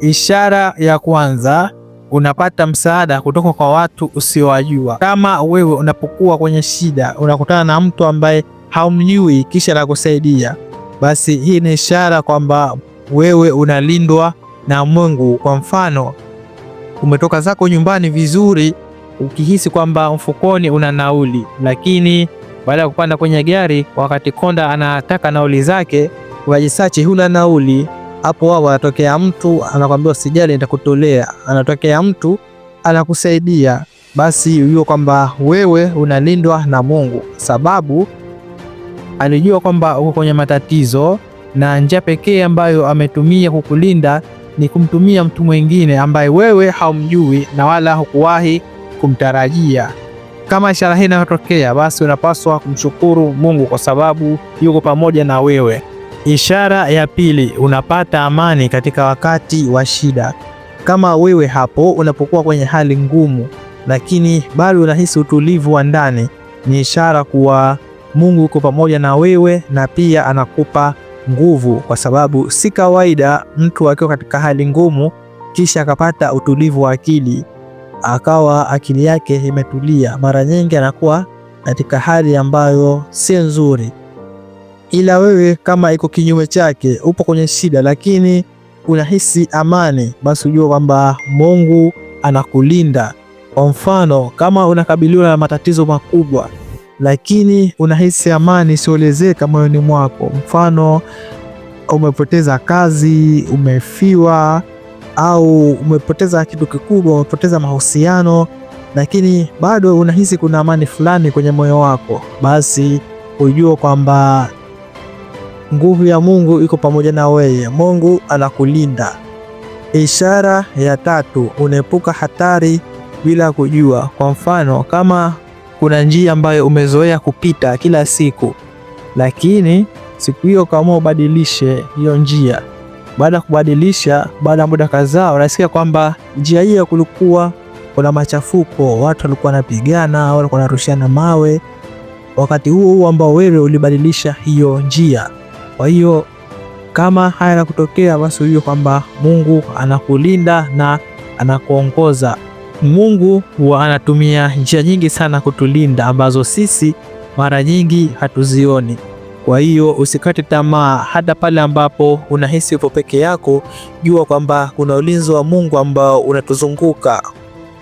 Ishara ya kwanza, unapata msaada kutoka kwa watu usiowajua. Kama wewe unapokuwa kwenye shida unakutana na mtu ambaye haumjui kisha anakusaidia, basi hii ni ishara kwamba wewe unalindwa na Mungu. Kwa mfano, umetoka zako nyumbani vizuri ukihisi kwamba mfukoni una nauli, lakini baada ya kupanda kwenye gari, wakati konda anataka nauli zake, wajisachi huna nauli hapo wao anatokea mtu anakwambia usijali, nitakutolea. Anatokea mtu anakusaidia, basi ujue kwamba wewe unalindwa na Mungu, sababu alijua kwamba uko kwenye matatizo, na njia pekee ambayo ametumia kukulinda ni kumtumia mtu mwingine ambaye wewe haumjui na wala hukuwahi kumtarajia. Kama ishara hii inayotokea, basi unapaswa kumshukuru Mungu kwa sababu yuko pamoja na wewe. Ishara ya pili, unapata amani katika wakati wa shida. Kama wewe hapo unapokuwa kwenye hali ngumu, lakini bado unahisi utulivu wa ndani, ni ishara kuwa Mungu yuko pamoja na wewe na pia anakupa nguvu, kwa sababu si kawaida mtu akiwa katika hali ngumu kisha akapata utulivu wa akili, akawa akili yake imetulia. Mara nyingi anakuwa katika hali ambayo si nzuri ila wewe kama iko kinyume chake, upo kwenye shida lakini unahisi amani, basi ujua kwamba Mungu anakulinda. Kwa mfano, kama unakabiliwa na matatizo makubwa lakini unahisi amani siolezeka moyoni mwako, mfano umepoteza kazi, umefiwa au umepoteza kitu kikubwa, umepoteza mahusiano, lakini bado unahisi kuna amani fulani kwenye moyo wako, basi ujue kwamba Nguvu ya Mungu iko pamoja na wewe, Mungu anakulinda. Ishara ya tatu, unaepuka hatari bila kujua. Kwa mfano, kama kuna njia ambayo umezoea kupita kila siku, lakini siku hiyo kama ubadilishe hiyo njia. Baada ya kubadilisha, baada ya muda kadhaa, unasikia kwamba njia hiyo kulikuwa kuna machafuko, watu walikuwa wanapigana, walikuwa wanarushiana mawe, wakati huo huo ambao wewe ulibadilisha hiyo njia. Kwa hiyo kama haya yanakutokea, basi ujue kwamba Mungu anakulinda na anakuongoza. Mungu huwa anatumia njia nyingi sana kutulinda ambazo sisi mara nyingi hatuzioni. Kwa hiyo usikate tamaa, hata pale ambapo unahisi upo peke yako, jua kwamba kuna ulinzi wa Mungu ambao unatuzunguka.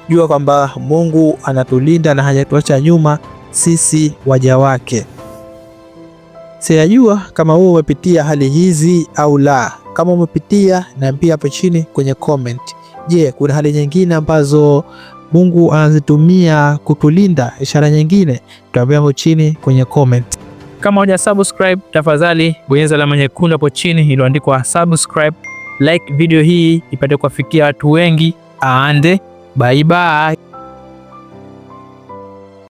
Jua kwamba Mungu anatulinda na hajatuacha nyuma sisi waja wake. Sijajua kama wewe umepitia hali hizi au la. Kama umepitia, niambie hapo chini kwenye comment. Je, kuna hali nyingine ambazo Mungu anazitumia kutulinda, ishara nyingine? Tuambie hapo chini kwenye comment. Kama huja subscribe, tafadhali bonyeza alama nyekundu hapo chini iliyoandikwa subscribe. Like video hii ipate kuwafikia watu wengi. Aande, bye bye.